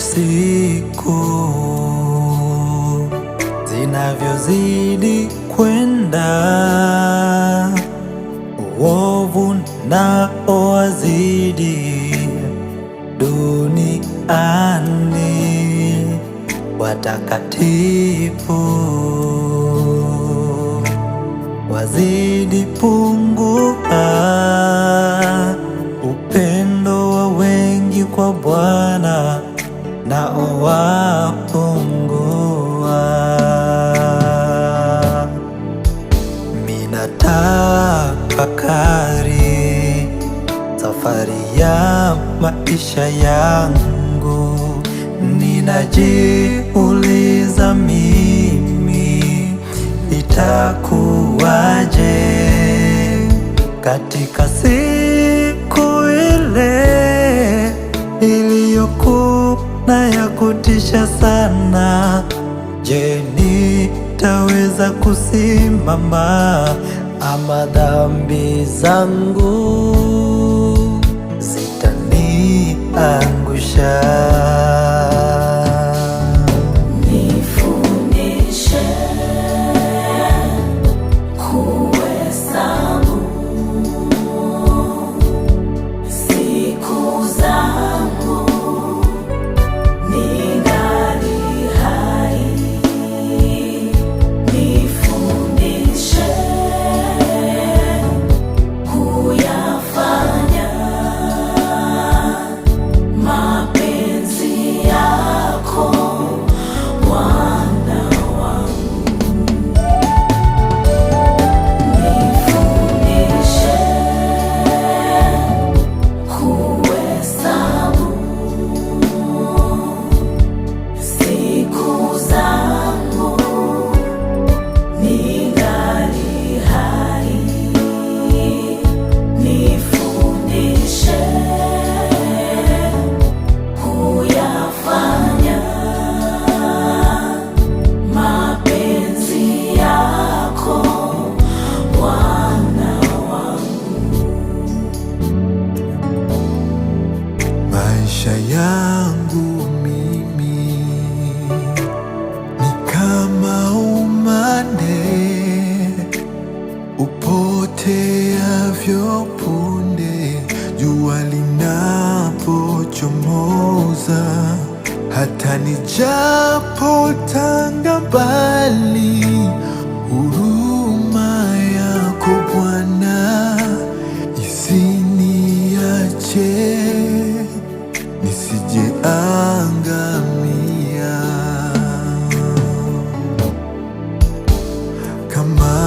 siku zinavyozidi kwenda, uovu nao wazidi duniani, watakatifu wazidi pungu maisha yangu, ninajiuliza mimi itakuwaje katika siku ile iliyokuwa ya kutisha sana. Je, nitaweza kusimama ama dhambi zangu 안구샤 hata tanga mbali, huruma yako Bwana isiniache, nisijeangamia. Kama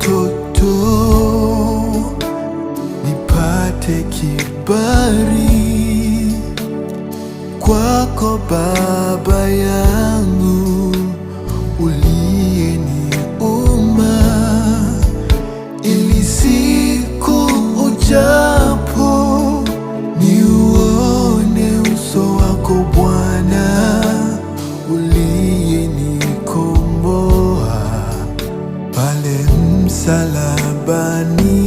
mtoto nipate kibali kwako Baba yangu uliyeniumba, ili siku ujapo niuone uso wako Bwana uliyenikomboa pale msalabani.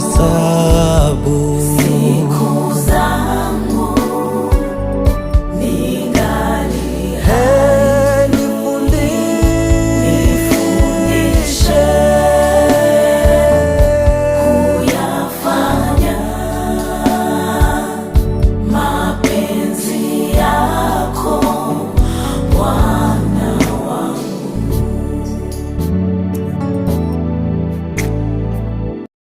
sabor.